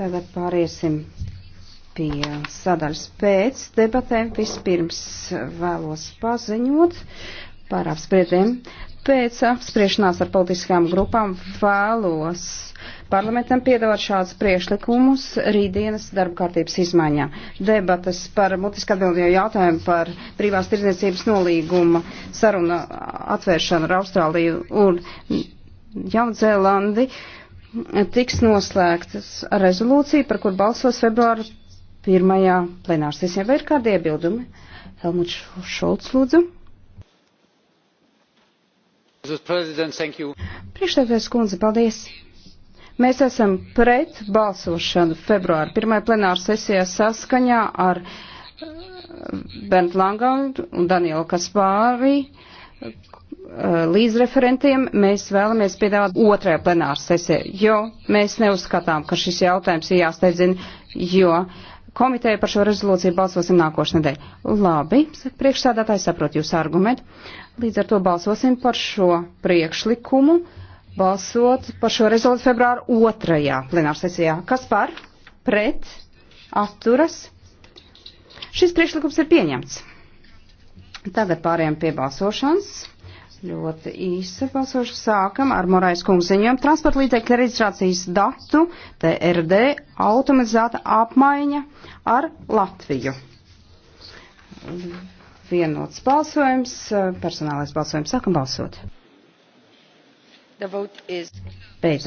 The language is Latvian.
Tagad pāriesim pie sadaļas pēc debatēm. Vispirms vēlos paziņot par apspriediem. Pēc apspriešanās ar politiskām grupām vēlos parlamentam piedāvāt šādus priešlikumus rītdienas darba kārtības izmaiņā. Debatas par mutiski atbildīgo jautājumu par privās tirdzniecības nolīguma saruna atvēršanu ar Austrāliju un Jaunzēlandi tiks noslēgtas rezolūcija, par kur balsos februāra pirmajā plenārsesijā. Vai ir kādi iebildumi? Helmuts Šolts, lūdzu. Priekšstādājas kundze, paldies! Mēs esam pret balsošanu februāra pirmajā plenāra sesijā saskaņā ar eh, Bernt Langaudu un Danielu Kaspārī Eh, līdzreferentiem mēs vēlamies piedāvāt otrajā plenāru sesijā, jo mēs neuzskatām, ka šis jautājums ir jāsteidzina, jo komiteja par šo rezolūciju balsosim nākošu nedēļu. Labi, priekšsādātājs saprot jūsu argumentu. Līdz ar to balsosim par šo priekšlikumu, balsot par šo rezolūciju februāru otrajā plenāru sesijā. Kas par? Pret? Atturas? Šis priekšlikums ir pieņemts. Tagad pārējām pie balsošanas. Ļoti īsa balsošana. Sākam ar Morais kungu ziņojumu. Transporta līdzekļa reģistrācijas datu TRD automatizēta apmaiņa ar Latviju. Vienots balsojums, personālais balsojums. Sākam balsot. Beidzam.